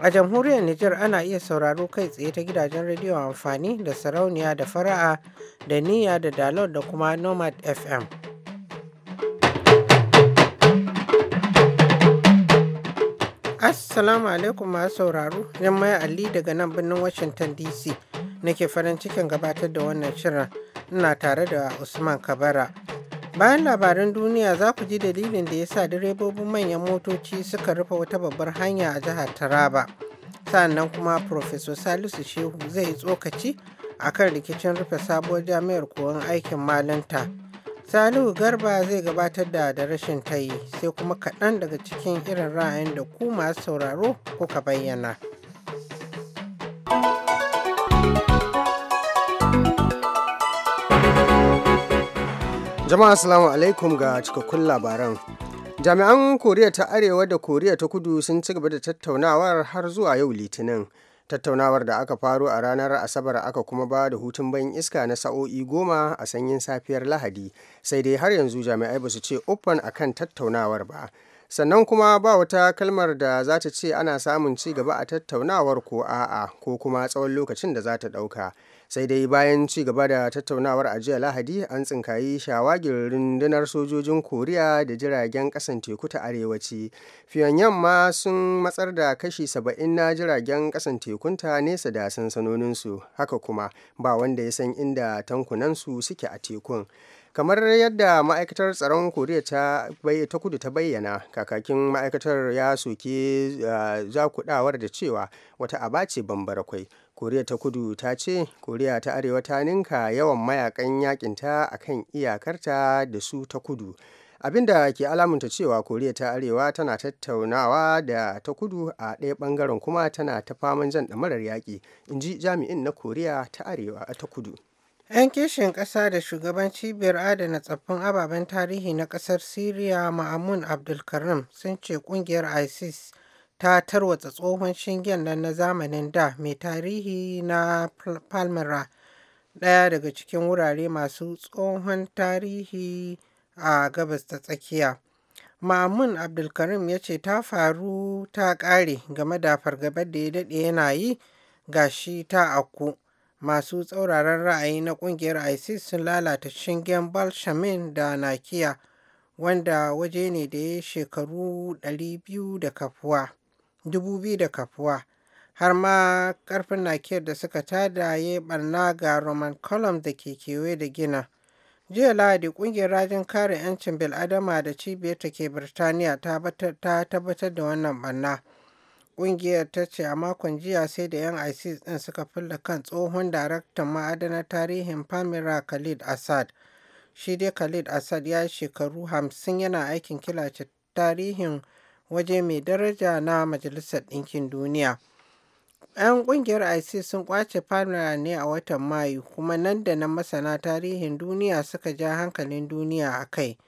A jamhuriyar Nijar ana iya sauraro kai tsaye ta gidajen rediyo amfani da sarauniya da fara'a da niyya da dalot da kuma nomad FM. Assalamu alaikum masu sauraro, maya Ali daga nan birnin Washington DC nake farin cikin gabatar da wannan shirin ina tare da Usman Kabara. Bayan labaran duniya za ku ji dalilin da ya sa direbobin manyan motoci suka rufe wata babbar hanya a jihar Taraba. Sannan kuma Profesor Salisu Shehu zai tsokaci a kan rikicin rufe sabuwar jami'ar koyon aikin malanta. Salihu Garba zai gabatar da da rashin tayi sai kuma kaɗan daga cikin irin ra'ayin da ku masu sauraro kuka bayyana. Jama'a Assalamu alaikum ga cikakkun labaran. Jami'an Koriya ta Arewa da Koriya ta Kudu sun ci gaba da tattaunawar har zuwa yau Litinin. Tattaunawar da aka faro a ranar Asabar aka kuma ba da hutun bayan iska na sa'o'i goma a sanyin safiyar Lahadi, sai dai har yanzu jami'ai ba su ce uffan kan tattaunawar ba. sannan kuma ba wata kalmar da za ta ce ana samun ci gaba a tattaunawar ko a'a ko kuma tsawon lokacin da za ta ɗauka sai dai bayan ci gaba da tattaunawar a jiya lahadi an tsinkayi shawagin rundunar sojojin koriya da jiragen kasan teku ta arewaci pyongyang ma sun matsar da kashi saba'in na jiragen kasan tekunta nesa da sansanoninsu haka kuma ba wanda ya san inda tankunansu suke a tekun kamar yadda ma'aikatar tsaron koriya ta ta kudu ta bayyana kakakin ma'aikatar ya soke eh, zakudawar da cewa wata aba ce bambara kwai koriya ta kudu ta ce koriya ta arewa ta ninka yawan mayakan yakinta a kan iyakarta da su ta kudu abinda ke alamunta cewa koriya ta arewa tana tattaunawa da ta kudu a ɗaya ɓangaren kuma tana ta faman jan ɗamarar yaƙi in ji jami'in na koriya ta arewa ta kudu 'yan kishin ƙasa da shugaban cibiyar adana tsaffin ababen tarihi na ƙasar syria ma'amun abdulkarim sun ce ƙungiyar isis ta tarwatsa tsohon shingen nan na zamanin da mai tarihi na palmyra ɗaya daga cikin wurare masu tsohon tarihi a gabas ta tsakiya ma'amun abdulkarim ya ce ta faru ta ƙare game da fargabar da ya daɗe yana yi ga shi ta akku masu tsauraran ra'ayi na ƙungiyar isis sun lalata shingen balshamin da nakiya wanda waje ne da ya shekaru 200 da kafuwa dubu biyu da kafuwa har ma karfin nakiyar da suka tada ya barna ga roman column da ke kewaye da gina jiya lahadi kungiyar rajin kare 'yancin bil'adama da cibiyar ta ke birtaniya ta tabbatar da wannan barna kungiyar ta ce a makon jiya sai da 'yan isis din suka fulla kan tsohon daraktan ma'adanar tarihin pamira khalid assad shi dai khalid assad ya shekaru hamsin yana aikin kilace tarihin waje mai daraja na Majalisar Ɗinkin Duniya. 'Yan ƙungiyar IC sun ƙwace Palmyra ne a watan Mayu kuma nan da nan masana tarihin duniya suka ja hankalin duniya a kai.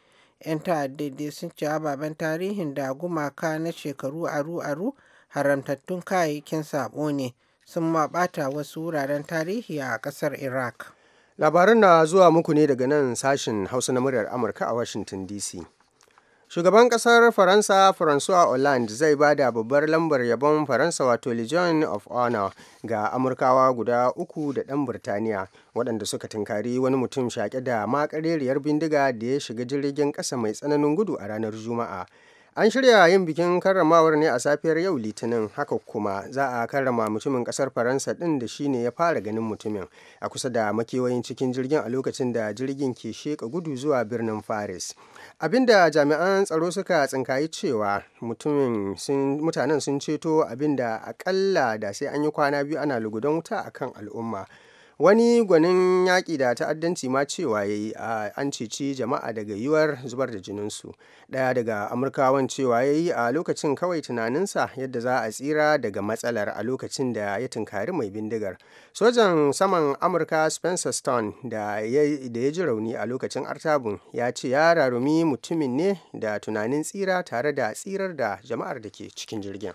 'Yan ta'addade sun ci ababen tarihin da gumaka na shekaru aru-aru haramtattun kayayyakin sabo ne sun ma ɓata wasu wuraren tarihi a ƙasar Iraq. Labaran na zuwa muku ne daga nan sashen Hausa na muryar Amurka a Washington DC. Shugaban ƙasar Faransa François Hollande zai ba da babbar lambar yabon Faransa wato Legion of Honor ga Amurkawa guda uku da ɗan Birtaniya waɗanda suka tunkari wani mutum shaƙe da makareriyar bindiga da ya shiga jirgin ƙasa mai tsananin gudu a ranar Juma'a. An shirya yin bikin karramawar ne a safiyar yau Litinin, haka kuma za a karrama mutumin kasar Faransa ɗin da shine ya fara ganin mutumin a kusa da makewayin cikin jirgin a lokacin da jirgin ke sheka gudu zuwa birnin Paris. Abinda jami'an tsaro suka tsinkayi cewa mutanen sun ceto abinda akalla da sai an yi kwana biyu ana lugudan wuta akan al'umma. wani gwanin yaƙi da ta'addanci ma cewa ya yi an cici jama'a daga yiwuwar zubar da jininsu ɗaya daga amurkawan cewa ya yi a lokacin kawai tunaninsa yadda za a tsira daga matsalar a lokacin da ya tunkari mai bindigar sojan saman amurka spencer stone da ya ji rauni a lokacin artabun ya ce ya rarumi mutumin ne da tunanin tsira tare da tsirar da jama'ar da ke cikin jirgin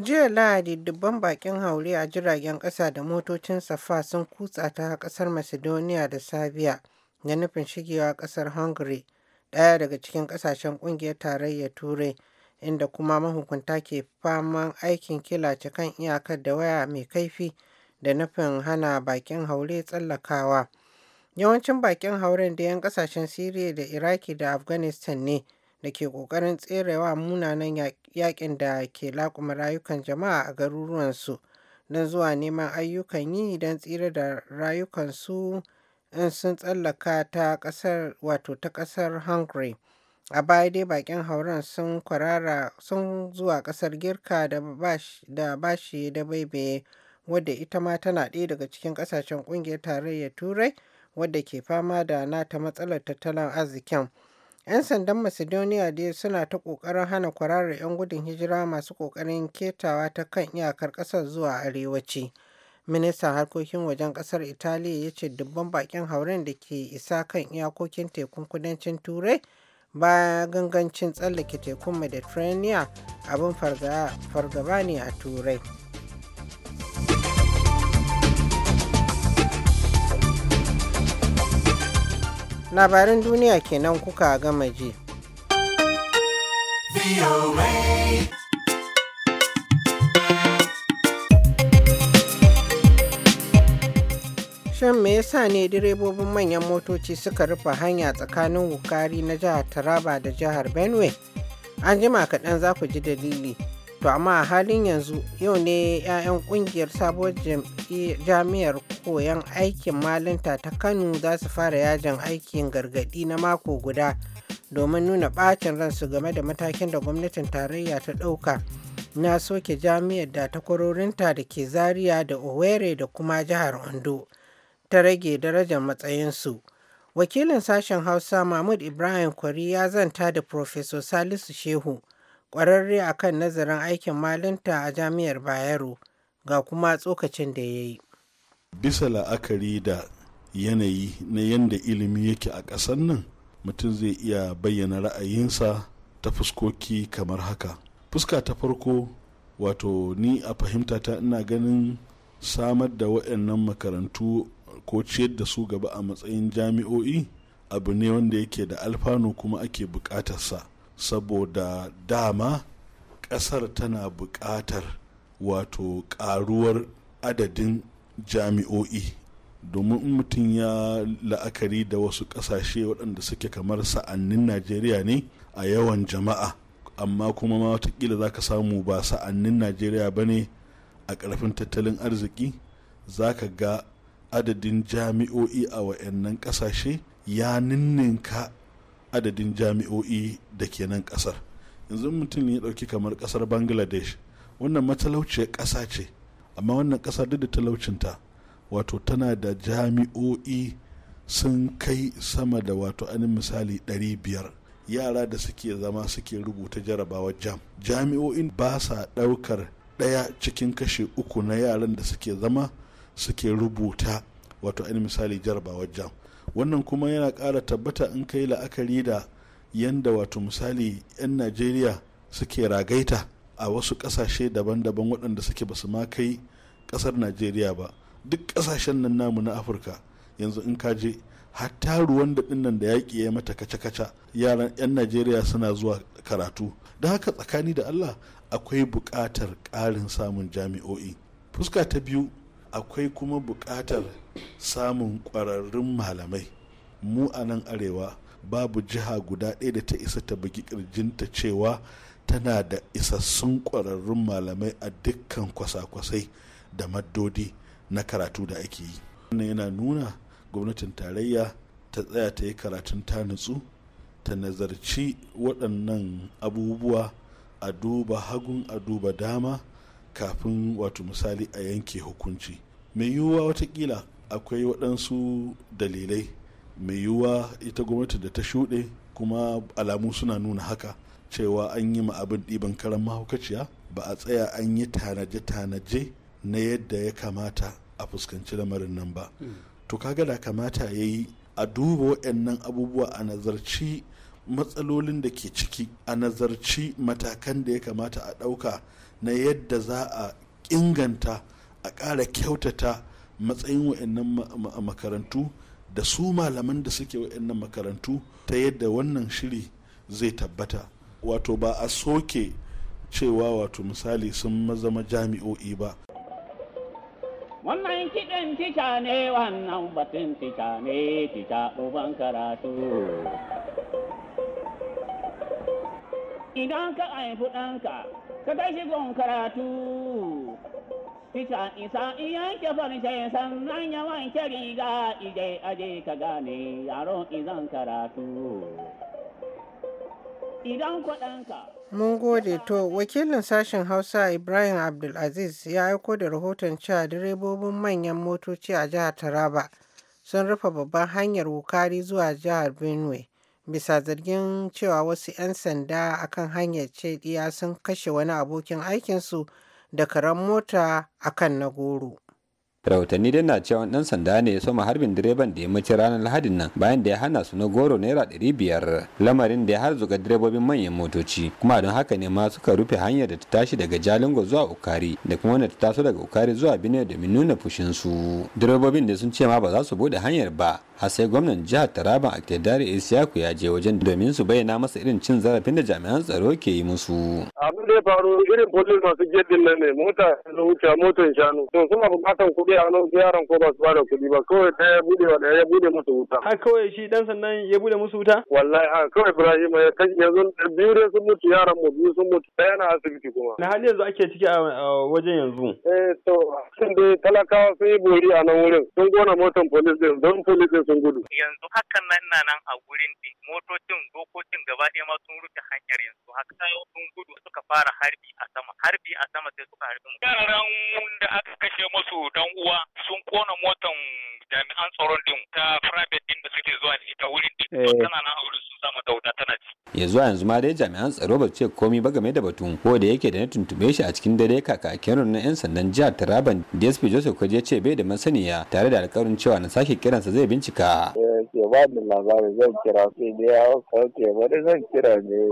Jiya Lahadi dubban bakin haure a jiragen ƙasa da motocin safa sun kutsa ta ƙasar Macedonia da Sabiya, da nufin shigewa ƙasar Hungary, ɗaya daga cikin ƙasashen ƙungiyar tarayyar Turai, inda kuma mahukunta ke faman aikin kilace kan iyakar da waya mai kaifi da nufin hana bakin haure tsallakawa. Yawancin bakin hauren da 'yan ƙasashen Siriya da Iraki da Afghanistan ne. da ke ƙoƙarin tserewa munanan yaƙin da ke laƙuma rayukan jama'a a garuruwansu don zuwa neman ayyukan yi don tsira da rayukansu in sun tsallaka ta ƙasar wato ta ƙasar hungary a baya dai bakin hauren sun kwarara sun zuwa ƙasar girka da bashi da baibaye wadda ita ma tana ɗaya daga cikin ƙasashen ƙungiyar tarayyar turai wadda ke fama da nata matsalar tattalin arzikin ‘Yan sandan Macedonia dai suna ta kokarin hana kwararar ‘yan gudun hijira masu kokarin ketawa ta kan iyakar kasar zuwa arewaci. Ministan harkokin wajen kasar Italiya ya ce dubban bakin hauren da ke isa kan iyakokin tekun kudancin Turai baya gangancin tsallake tekun Mediterranean abin fargaba ne a Turai. labaran duniya kenan kuka gama ji. shin me yasa ne direbobin manyan motoci suka rufe hanya tsakanin wukari na jihar taraba da jihar benue an jima kaɗan za ku ji dalili To amma a halin yanzu yau ne 'ya'yan kungiyar sabuwar jami'ar koyon aikin malinta ta Kano za su fara yajin aikin gargadi na mako guda domin nuna ɓacin ransu game da matakin da gwamnatin tarayya ta ɗauka na soke jami'ar da ta kwarorinta da ke zaria da owerri da kuma jihar ondo ta rage darajar matsayinsu. Wakilin sashen Hausa Mahmud Ibrahim Kwari ya zanta da Profesor Salisu Shehu ƙwararre a kan nazarin aikin malinta a jami'ar bayero ga kuma tsokacin da ya yi bisa la'akari da yanayi na yadda ilimi yake a ƙasar nan mutum zai iya bayyana ra'ayinsa ta fuskoki kamar haka fuska ta farko wato ni a fahimta ta ina ganin samar da wa'annan makarantu ko ciyar da su gaba a matsayin jami'o'i abu ne wanda yake da alfano kuma ake buƙatarsa saboda dama ƙasar tana bukatar wato ƙaruwar adadin jami'o'i domin mutum ya la'akari da wasu ƙasashe waɗanda suke kamar sa'annin najeriya ne a yawan jama'a amma kuma ma watakila za ka samu ba sa'annin najeriya ba ne a ƙarfin tattalin arziki za ka ga adadin jami'o'i a wa'annan ƙasashe ya ninninka adadin jami'o'i da ke nan kasar yanzu mutum ya dauki kamar kasar bangladesh wannan matalauciyar kasa ce amma wannan kasa duk da talaucinta wato tana da jami'o'i sun kai sama da wato anin misali 500 yara da suke zama suke rubuta jarabawar jam jami'o'in ba sa daukar daya cikin kashe uku na yaran da suke zama suke rubuta wato anin misali jarabawar jam wannan kuma yana ƙara tabbata in kai la'akari da yanda wato misali 'yan najeriya suke ragaita a wasu ƙasashe daban-daban waɗanda suke basu ma kai ƙasar najeriya ba duk ƙasashen nan namu na afirka yanzu in ka je hatta ruwan da da yaƙi ya mata kaca-kaca yaran 'yan najeriya suna zuwa karatu don haka tsakani da allah akwai buƙatar ƙarin samun jami'o'i fuska ta biyu akwai kuma buƙatar samun ƙwararrun malamai mu a nan arewa babu jiha guda ɗaya da ta isa ta bugi ƙirjinta cewa tana da isassun ƙwararrun malamai a dukkan kwasa-kwasai da maddodi na karatu da ake yi wannan yana nuna gwamnatin tarayya ta tsaya ta yi karatun ta nutsu ta nazarci waɗannan abubuwa a duba hagun a duba dama kafin wato misali a yanke hukunci mai yiwuwa watakila akwai waɗansu dalilai mai yiwuwa ita gwamnati da ta shuɗe kuma alamu suna nuna haka cewa an yi ma abin ɗiban karan mahaukaciya ba a tsaya an yi tanaje-tanaje na yadda ya kamata a fuskanci lamarin nan ba mm. to kaga da kamata ya yi a duba waɗannan abubuwa a nazarci matsalolin da ke ciki a nazarci matakan da ya kamata a ɗauka na yadda za a inganta a ƙara kyautata matsayin wa'annan makarantu da su malaman da suke wa'annan makarantu ta yadda wannan shiri zai tabbata wato ba a soke cewa wato misali sun mazama jami'o'i ba wannan kiɗin tica ne wannan batun tica ne tica uban karatu idan ka haifi ɗanka ka tashi gon karatu fita isa iyanke farshe sannan ya riga ije aje ka gane yaron izan karatu Mun gode to wakilin sashen Hausa Ibrahim Abdulaziz ya aiko da rahoton cewa direbobin manyan motoci a jihar Taraba sun rufe babban hanyar wukari zuwa jihar Benue bisa zargin cewa wasu 'yan sanda akan hanyar ce sun kashe wani abokin aikinsu da karen mota akan na goro. rahotanni dai na cewa dan sanda ne ya soma harbin direban da ya mace ranar lahadin nan bayan da ya hana su na goro naira ɗari biyar lamarin da ya har zuga direbobin manyan motoci kuma don haka ne ma suka rufe hanyar da ta tashi daga jalingo zuwa ukari da kuma wanda ta taso daga ukari zuwa Bine domin nuna fushin su direbobin da sun ce ma ba za su buɗe hanyar ba har sai gwamnan jihar taraban aktedare isiyaku ya je wajen domin su bayyana masa irin cin zarafin da jami'an tsaro ke yi musu abin da ya faru irin polis masu gedin nan ne mota da wuce motar shanu to suna bukatan buɗe hannun yaron ko ba su ba da kuɗi ba kawai ta ya buɗe wa ya buɗe musu wuta. Har kawai shi ɗan sannan ya buɗe musu wuta? Wallahi a kawai Ibrahim ya kai yanzu biyu dai sun mutu yaran mu biyu sun mutu ɗaya na asibiti kuma. Na hali yanzu ake ciki a wajen yanzu. Eh to sun dai talakawa sun yi bori a nan wurin sun gona motan polis ɗin don polis ɗin sun gudu. Yanzu hakan nan na nan a gurin ɗin motocin dokokin gaba ɗaya ma sun rufe hanyar yanzu haka sun gudu suka fara harbi a sama harbi a sama sai suka harbi mu. Yaran da aka kashe musu dan uwa sun kona motan jami'an tsaron din ta private din da suke zuwa ita wurin din eh. tana nan aure sun sama dauda tana ci. ya zuwa yanzu ma dai jami'an tsaro ba ce komi ba game da batun ko da yake da na tuntube shi a cikin dare kaka kakakin na 'yan sandan jihar taraban dsp joseph kwaji ya ce bai da masaniya tare da alkawarin cewa na sake kiransa zai bincika. Eh, ba labarin kira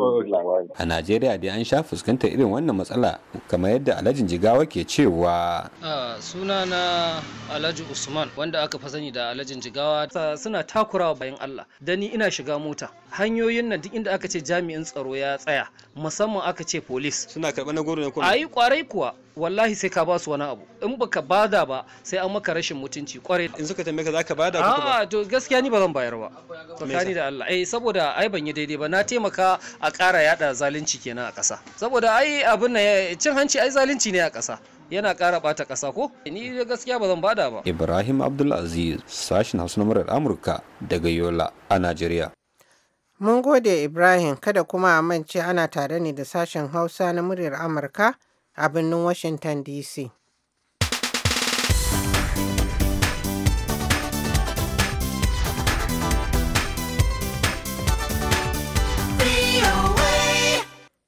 oh. A Najeriya dai an sha fuskantar irin wannan matsala kamar yadda Alhaji Jigawa ke cewa. Ah, Suna na Alhaji Usman wanda aka fa sani da alajin jigawa suna takurawa bayan Allah da ni ina shiga mota hanyoyin nan duk inda aka ce jami'in tsaro ya tsaya musamman aka ce police suna karɓa na goro kuma ayi kwarai kuwa wallahi sai ka ba wani abu in baka bada ba sai an maka rashin mutunci kwarai in suka tambaye ka zaka bada ko ba a to gaskiya ni ba zan bayar ba tsakani da Allah eh saboda ai ban yi daidai ba na taimaka a ƙara yada zalunci kenan a ƙasa saboda ai abin nan eh, cin hanci ai zalunci ne a ƙasa yana ƙara ɓata ƙasa ko ni gaskiya ba zan bada ba ibrahim abdulaziz sashin hausa na murar amurka daga yola a najeriya mun gode ibrahim kada kuma a mance ana tare ne da sashen hausa na muryar amurka a birnin washington dc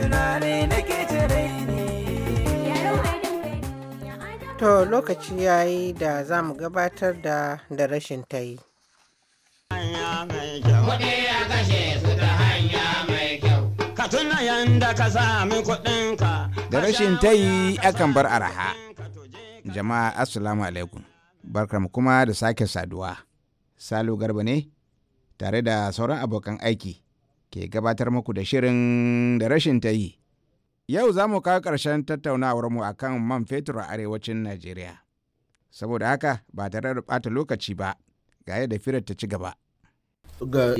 tunani nake ke to lokaci ya yi da za mu gabatar da da rashin ta yi da rashin ta yi akan bar araha jama'a assalamu alaikum barkamu kuma da sake saduwa salo garba ne tare da sauran abokan aiki ke gabatar muku da shirin da rashin ta yi. Yau za mu kawo ƙarshen tattaunawarmu a kan man fetur a arewacin Najeriya. Saboda haka ba tare da ɓata lokaci ba, ga yadda firar ta ci gaba. Ga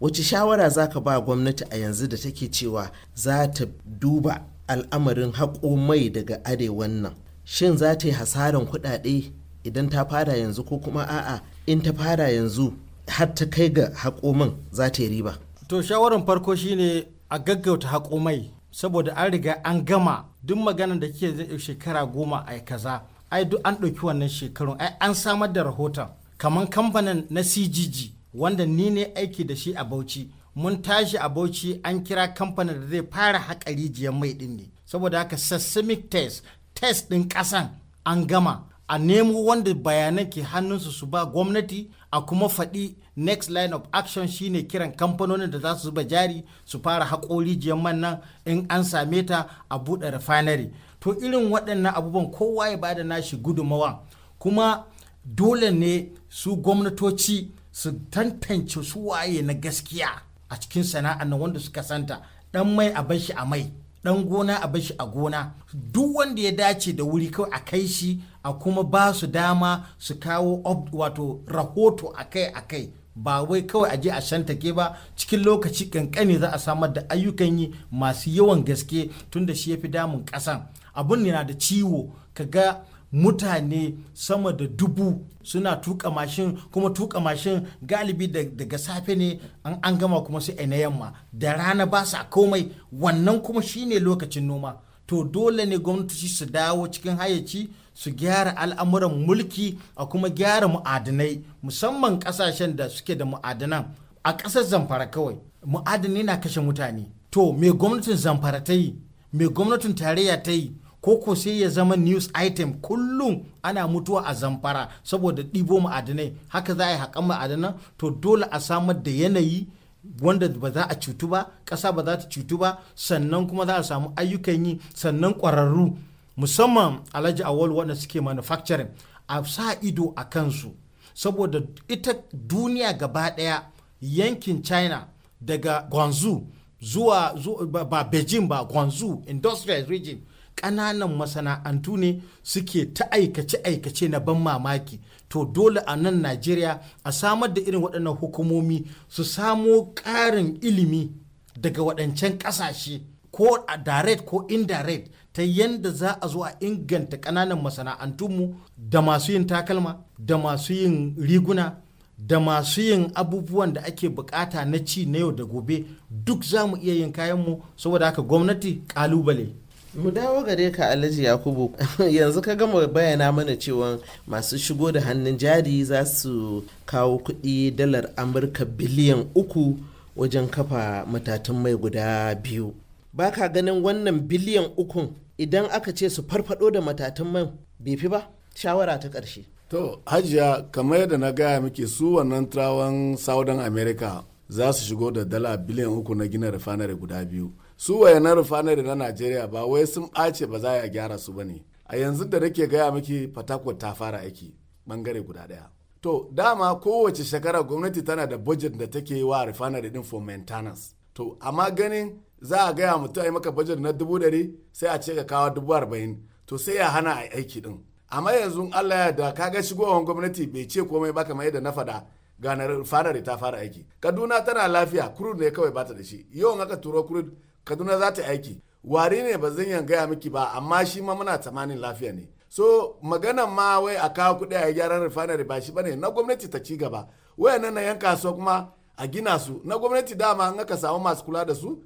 wace shawara za ka ba gwamnati a yanzu da take cewa za ta duba al'amarin haƙo mai daga arewan nan? Shin za ta yi hasaran kuɗaɗe idan ta fara yanzu ko kuma a'a in ta fara yanzu har ta kai ga haƙo man za ta yi riba? To shawarar farko shine a gaggauta haƙo mai saboda an riga an gama duk maganar da ke zai shekara goma a kaza ai duk an ɗauki wannan shekarun ai an samar da rahoton kamar kamfanin na CGG wanda ni ne aiki da shi a Bauchi mun tashi a Bauchi an kira kamfanin da zai fara haƙari rijiyar mai ɗin ne saboda haka seismic test test ɗin ƙasan an gama a nemo wanda bayanan ke hannunsu su ba gwamnati a kuma faɗi next line of action shine kiran kamfanonin da za su zuba jari su fara haƙo rijiyar man nan in an same ta a buɗe refinery to irin waɗannan abubuwan kowa ya bada nashi gudunmawa kuma dole ne su gwamnatoci su tantance su waye na gaskiya a cikin sana'a na wanda suka santa dan mai a bashi a mai dan gona a bashi a gona duk wanda ya dace da wuri kawai a kai shi a kuma ba su dama su kawo wato rahoto akai-akai ba wai kawai aje a shantake ba cikin lokaci kankani za a samar da ayyukan yi masu yawan gaske tunda shi ya fi damun kasan abun na da ciwo ka ga mutane sama da dubu suna tuka mashin kuma tuka mashin galibi daga safe ne an gama kuma su na yamma da rana ba sa komai wannan kuma shine lokacin noma to dole ne gwamnati su dawo cikin hayyaci su gyara al'amuran mulki a kuma gyara mu'adinai musamman kasashen da suke da mu'adinan a ƙasar zamfara kawai mu'adinai na kashe mutane to me gwamnatin zamfara ta yi me gwamnatin tarayya ta yi ko ko sai ya zama news item kullum ana mutuwa a zamfara saboda ɗibo mu'adinai haka za a yi haƙan mu'adinan to dole a samar da yanayi wanda ba za a cutu ba ƙasa ba za ta cutu ba sannan kuma za a samu ayyukan yi sannan ƙwararru musamman alhaji awal wanda suke manufacturing a sa ido a kansu saboda ita duniya gaba ɗaya yankin china daga guangzhou zuwa ba beijing ba guangzhou industrial region ƙananan masana'antu ne suke ta aikace-aikace na ban mamaki to dole a nan najeriya a samar da irin waɗannan hukumomi su samo ƙarin ilimi daga waɗancan ƙasashe ko a direct ko indirect ta yadda za a zo a inganta ƙananan masana'antunmu da masu yin takalma da masu yin riguna da masu yin abubuwan da ake bukata na ci na yau da gobe duk za mu iya yin kayanmu saboda haka gwamnati ƙalubale mu dawo gare ka alhaji yakubu yanzu ka gama bayyana mana cewa masu shigo da hannun jari za su kawo kuɗi dalar amurka biliyan uku wajen kafa matatan mai guda biyu ba ka ganin wannan biliyan ukun idan aka ce su farfado da matatan mai bai ba shawara ta ƙarshe to hajiya kamar yadda na gaya miki su wannan turawan southern america za su shigo da dala biliyan uku na gina refinery guda biyu su wayanan refinery na najeriya ba wai sun ɓace ba za a gyara su ba ne a yanzu da nake gaya miki fatakwal ta fara aiki bangare guda daya to dama kowace shekara gwamnati tana da budget da take yi wa refinery din for maintenance to amma ganin za a gaya mutum a maka budget na dubu dari sai a ce ka kawo dubu arba'in to sai ya hana a aiki din amma yanzu allah ya da kaga shigowar gwamnati bai ce komai ba kamar yadda na faɗa ganar refinery ta fara aiki kaduna tana lafiya kurud ne kawai bata da shi yau aka turo kurud. kaduna za ta aiki wari ne ba zan gaya miki ba amma shi ma muna tsammanin lafiya ne so magana ma wai a kawo kuɗi a gyaran refinery ba shi bane na gwamnati ta ci gaba wayannan na yan kasuwa kuma a gina su na gwamnati dama an aka samu masu kula da su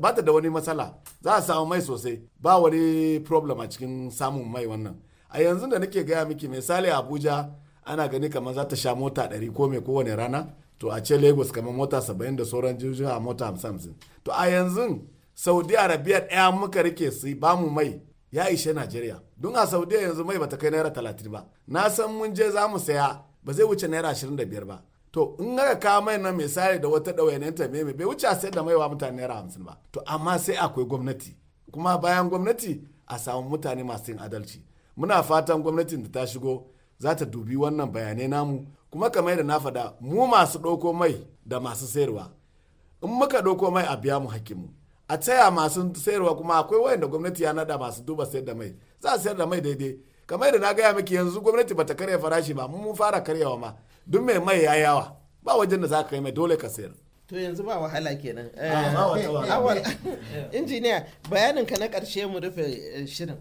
ba ta da wani matsala za a samu mai sosai ba wani problem a cikin samun mai wannan a yanzu da nake gaya miki misali abuja ana gani kamar za ta sha mota ɗari ko mai kowane rana to a ce lagos kamar mota 70 da sauran jirgin a mota 50 to a yanzu saudi arabia ɗaya muka rike su ba mu mai ya ishe najeriya don a saudi yanzu mai bata kai naira 30 ba na san mun je za mu saya ba zai wuce naira 25 ba to in aka kawo mai na misali da wata ɗawainiyar mai bai wuce a sayar da maiwa mutane naira 50 ba to amma sai akwai gwamnati kuma bayan gwamnati a samu mutane masu yin adalci muna fatan gwamnatin da ta shigo za ta dubi wannan bayanai namu kuma kamar da na faɗa mu masu ɗauko mai da masu sayarwa in muka ɗauko mai a biya mu hakimu a taya masu sayarwa kuma akwai wayanda gwamnati ya naɗa masu duba sayar da mai za a sayar da mai daidai kamar da na gaya miki yanzu gwamnati bata karya farashi ba mun fara karyawa ma duk mai mai ya yawa ba wajen da za ka kai mai dole ka sayar to yanzu ba wahala kenan ah, eh, eh, injiniya bayanin ka na karshe mu rufe eh, shirin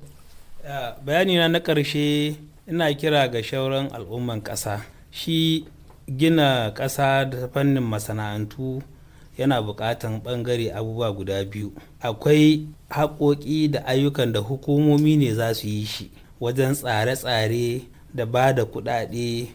ah, bayani na na karshe ina kira ga shauran al'umman kasa. shi gina ƙasa da fannin masana'antu yana buƙatan ɓangare abubuwa guda biyu akwai haƙoƙi da ayyukan da hukumomi ne za su yi shi wajen tsare-tsare da ba da kuɗaɗe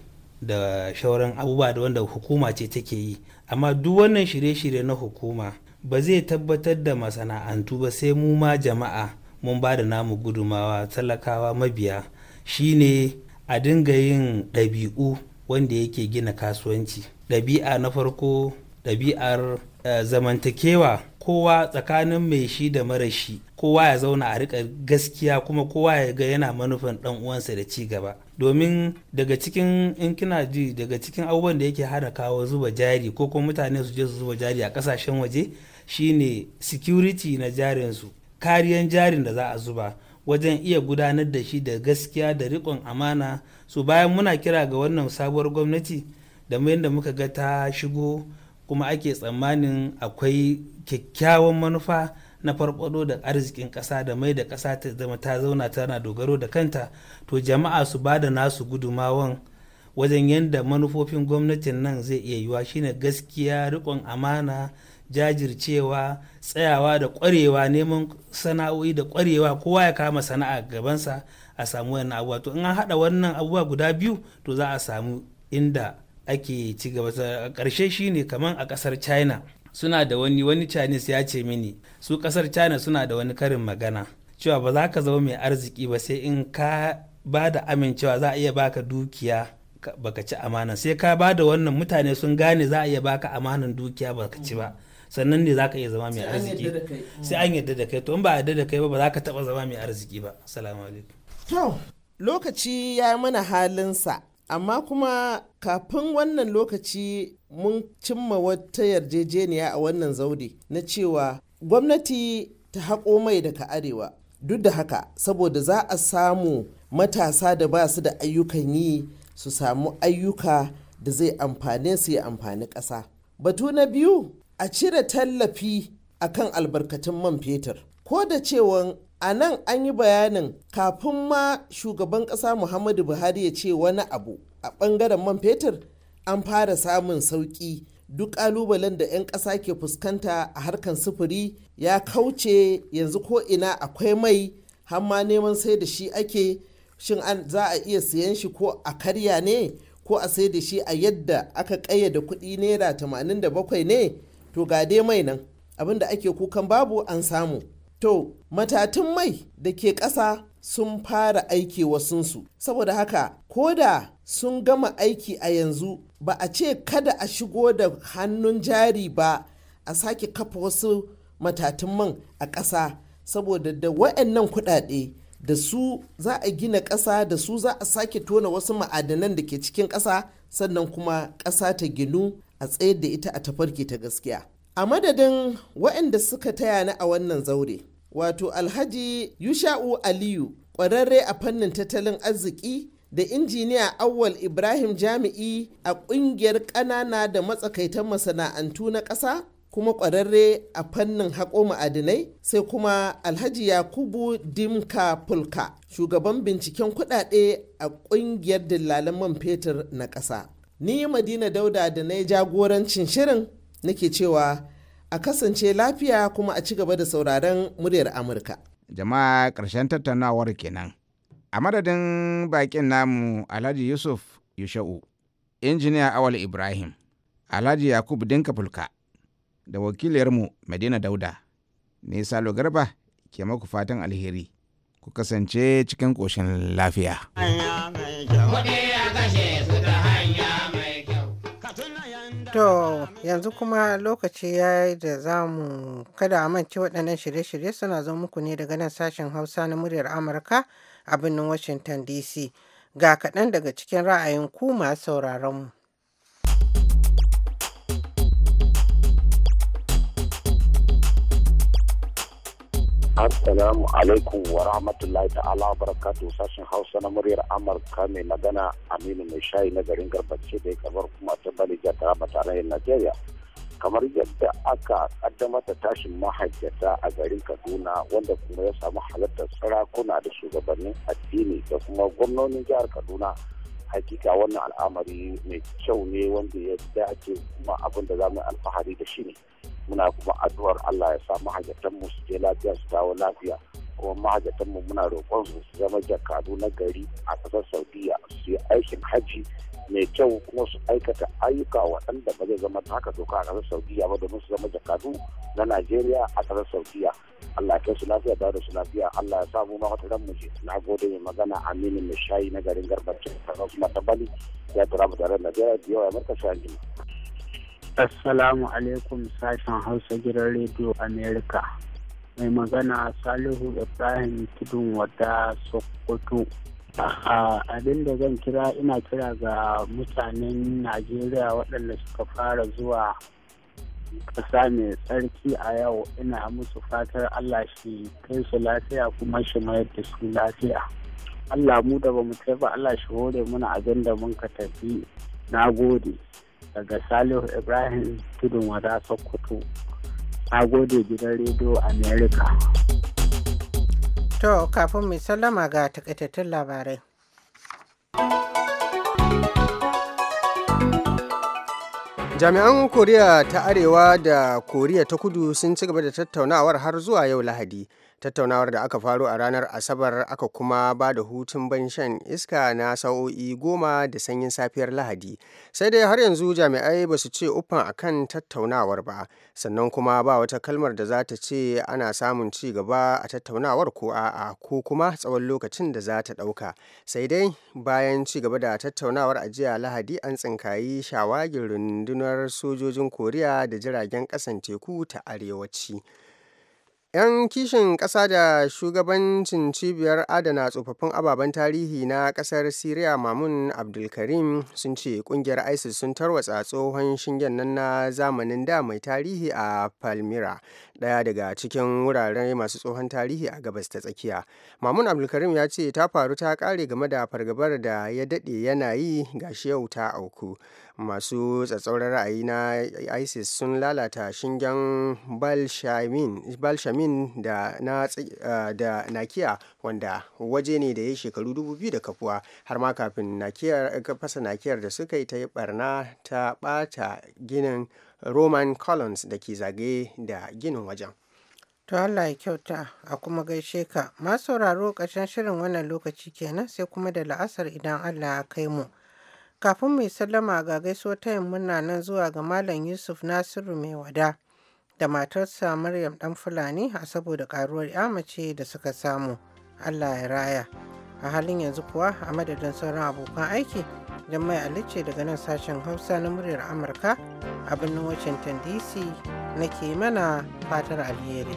da shauran abubuwa da wanda hukuma ce take yi amma duk wannan shirye-shirye na hukuma ba zai tabbatar da masana'antu ba sai mu ma jama'a mun ba da namu gudumawa talakawa mabiya shine a dinga yin ɗabi'u wanda yake gina kasuwanci ɗabi'a na farko ɗabi'ar eh, zamantakewa kowa tsakanin mai shi da mara shi kowa ya zauna a rika gaskiya kuma kowa ya ga yana manufan ɗan uwansa da ci gaba domin daga cikin in kina ji daga cikin abubuwan da yake hana kawo zuba jari ko kuma mutane su je su zuba jari a kasashen waje shine security na jarin su kariyan jarin da za a zuba wajen iya gudanar da shi da gaskiya da riƙon amana su bayan muna kira ga wannan sabuwar gwamnati da mu yadda muka ga ta shigo kuma ake tsammanin akwai kyakkyawan manufa na farfado da arzikin ƙasa da mai da ƙasa ta zama ta zauna tana dogaro da kanta to jama'a su ba da nasu gudumawan wajen yadda manufofin gwamnatin nan zai iya yiwa shine gaskiya riƙon amana jajircewa tsayawa da kwarewa neman sana'o'i da kwarewa kowa ya kama sana'a gabansa a samu wannan abubuwa to in an haɗa wannan abubuwa guda biyu to za a samu inda ake ci gaba ƙarshe ne kamar a kasar china suna da wani wani chinese ya ce mini su kasar china suna da wani karin magana cewa ba za ka zama mai arziki ba sai in ka ba da amincewa za a iya baka dukiya baka ci amana sai ka ba da wannan mutane sun gane za a iya baka amanan dukiya baka ci ba sannan ne za ka iya zama mai arziki sai an yadda da kai to in ba a yadda da kai ba ba za ka taɓa zama mai arziki ba salamu alaikum lokaci ya mana halinsa amma kuma kafin wannan lokaci mun cimma wata yarjejeniya a wannan zaure na cewa gwamnati ta haƙo mai daga arewa duk da haka saboda za a samu matasa da ba su da ayyukan yi su samu ayyuka da zai amfane su ya amfani ƙasa batu na biyu a cire tallafi a kan albarkatun man fetur ko da cewan a nan an yi bayanin kafin ma shugaban ƙasa muhammadu buhari ya ce wani abu a bangaren man fetur an fara samun sauƙi duk ƙalubalen da 'yan ƙasa ke fuskanta a harkar sufuri ya kauce yanzu ko ina akwai mai hamma neman sai da shi ake shin an za a iya siyan shi ko a karya ne ko a sai da shi a yadda aka ƙayyade kuɗi naira 87 ne to ga dai mai nan abin da ake kukan babu an samu to matatun mai da ke ƙasa sun fara aiki wasunsu saboda haka ko da sun gama aiki a yanzu ba a ce kada a shigo da hannun jari ba a sake kafa wasu matatun man a ƙasa saboda da wa'annan kuɗaɗe da su za a gina ƙasa da su za a sake tona wasu ma'adanan da ke cikin ƙasa sannan kuma ƙasa ta ginu a tsayar da ita a tafarki ta gaskiya a madadin waɗanda suka taya ni a wannan zaure wato alhaji yusha'u aliyu ƙwararre a fannin tattalin arziki da injiniya awwal ibrahim jami'i a ƙungiyar ƙanana da matsakaitan masana'antu na ƙasa kuma ƙwararre a fannin haƙo ma'adinai sai kuma alhaji yakubu dimka fulka shugaban binciken kuɗaɗe a ƙungiyar dillalin man fetur na ƙasa ni madina dauda da na jagorancin shirin nake cewa a kasance lafiya kuma a ci gaba da sauraron muryar amurka jama'a ƙarshen tattaunawar kenan a madadin bakin namu alhaji yusuf yusha'u injiniya awal ibrahim alhaji yakub dinka fulka da wakiliyarmu madina dauda ne salo garba ke maku fatan alheri ku kasance cikin ƙoshin lafiya. To yanzu kuma lokaci ya yi da za mu kada a mance waɗannan shirye-shirye suna zo muku ne daga nan sashen Hausa na muryar Amurka a birnin Washington DC. Ga kaɗan daga cikin ra'ayin ku masu sauraronmu. mu. Assalamu alaikum wa rahmatullahi ta'ala wa barakatuhu sashen Hausa na muryar Amurka mai magana Aminu mai shayi na garin garbace da ya kamar kuma ta Balija ta tare Najeriya. Kamar yadda aka kaddama ta tashin mahajjata a garin Kaduna wanda kuma ya samu halartar sarakuna da shugabannin addini da kuma gwamnonin jihar Kaduna hakika wannan al'amari mai kyau ne wanda ya dace kuma abin da za mu alfahari da shi ne. muna kuma addu'ar Allah ya sa mahajjatan mu su je lafiya su dawo lafiya kuma mahajjatan mu muna roƙon su su zama jakadu na gari a ƙasar Saudiya su yi aikin hajji mai kyau kuma su aikata ayyuka waɗanda ba zai zama haka doka a ƙasar Saudiya ba domin su zama jakadu na Najeriya a ƙasar Saudiya Allah kai su lafiya da su lafiya Allah ya samu ma wata mu je na gode mai magana Aminu mai shayi na garin Garba ta kuma ta Bali ya tura mu da ran Najeriya da yawa Amurka shayin Assalamu alaikum sashen Hausa gidan Rediyo Amerika. Mai magana Salihu Ibrahim Kidun wata Sokoto. Abin da zan kira ina kira ga mutanen Najeriya waɗanda suka fara zuwa ƙasa mai tsarki a yau ina musu fatar Allah shi kai su lafiya kuma shi mayar da su lafiya. Allah mu da ba mu ba Allah shi hore muna abin da mun ka tafi. Na gode. daga salihu ibrahim tudun wada sokoto a gode gidan rediyo america to kafin mai sallama ga takaitattun labarai jami'an koriya ta arewa da koriya ta kudu sun ci gaba da tattaunawar har zuwa yau lahadi tattaunawar da aka faru a ranar asabar aka kuma ba da hutun ban shan iska na sa'o'i goma da sanyin safiyar lahadi sai dai har yanzu jami'ai ba su ce uffan kan tattaunawar ba sannan kuma ba wata kalmar da za ta ce ana samun ci gaba a tattaunawar ko a'a ko kuma tsawon lokacin da za ta ɗauka sai dai bayan ci gaba da tattaunawar a jiya lahadi an tsinkayi shawagin rundunar sojojin koriya da jiragen ƙasan teku ta arewaci 'Yan kishin ƙasa da shugabancin Cibiyar Adana Tsofaffin Ababen Tarihi na ƙasar Siriya Mamun Abdulkarim sun ce ƙungiyar ISIS sun tarwatsa tsohon shingen nan na zamanin da mai tarihi a Palmyra, ɗaya daga cikin wurare masu tsohon tarihi a gabas ta tsakiya. Mamun Abdulkarim ya ce ta faru ta ƙare game da fargabar da ya daɗe yana yi gashi yau ta auku. masu tsatsauran ra'ayi na isis sun lalata shingen balshamin da nakiya wanda waje ne da ya shekaru dubu biyu da kafuwa har ma kafin fasa nakiyar da suka yi ta yi barna ta bata ginin roman collins da ke zage da ginin wajen To Allah ya kyauta a kuma gaishe ka. Masu sauraro ƙarshen shirin wannan lokaci kenan sai kuma da la'asar idan Allah ya kai mu. Kafin mu sallama ga gaisuwar ta murna nan zuwa ga Malam Yusuf Nasiru mai wada da matarsa Maryam ɗan Fulani a saboda karuwar ya mace da suka samu. Allah ya raya. A halin yanzu kuwa a madadin sauran abokan aiki don mai alice daga nan sashen Hausa na muryar Amurka a birnin Washington DC nake mana fatar alheri.